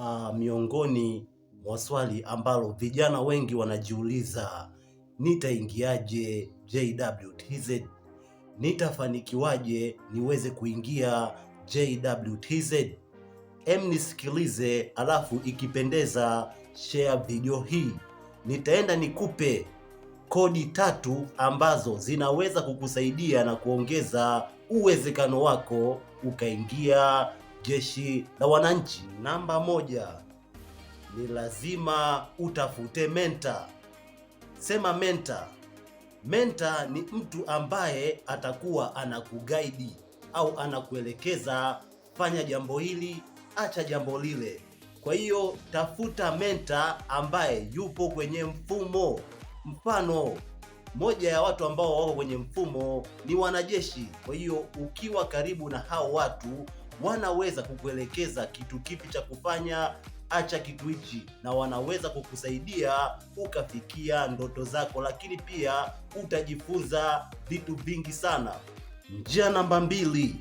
uh, miongoni mwa swali ambalo vijana wengi wanajiuliza, nitaingiaje JWTZ? Nitafanikiwaje niweze kuingia JWTZ? Em, nisikilize, alafu ikipendeza share video hii. Nitaenda nikupe kodi tatu ambazo zinaweza kukusaidia na kuongeza uwezekano wako ukaingia jeshi la wananchi. Namba moja ni lazima utafute menta. Sema menta. Menta ni mtu ambaye atakuwa anakugaidi au anakuelekeza, fanya jambo hili, acha jambo lile. Kwa hiyo tafuta menta ambaye yupo kwenye mfumo. Mfano, moja ya watu ambao wako kwenye mfumo ni wanajeshi. Kwa hiyo ukiwa karibu na hao watu wanaweza kukuelekeza kitu kipi cha kufanya, acha kitu hichi, na wanaweza kukusaidia ukafikia ndoto zako, lakini pia utajifunza vitu vingi sana. Njia namba mbili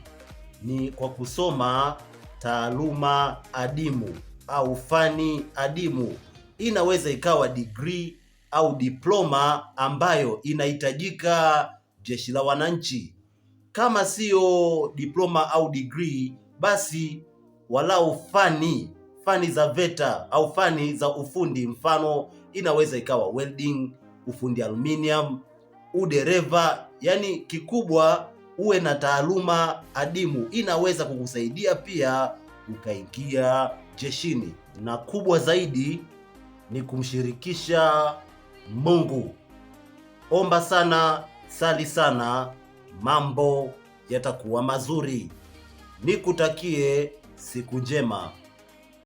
ni kwa kusoma taaluma adimu au fani adimu. Inaweza ikawa degree au diploma ambayo inahitajika Jeshi la Wananchi. Kama siyo diploma au degree, basi walau fani fani za VETA au fani za ufundi, mfano inaweza ikawa welding, ufundi aluminium, udereva. Yani kikubwa uwe na taaluma adimu, inaweza kukusaidia pia ukaingia jeshini, na kubwa zaidi ni kumshirikisha Mungu. Omba sana, sali sana, mambo yatakuwa mazuri nikutakie siku njema.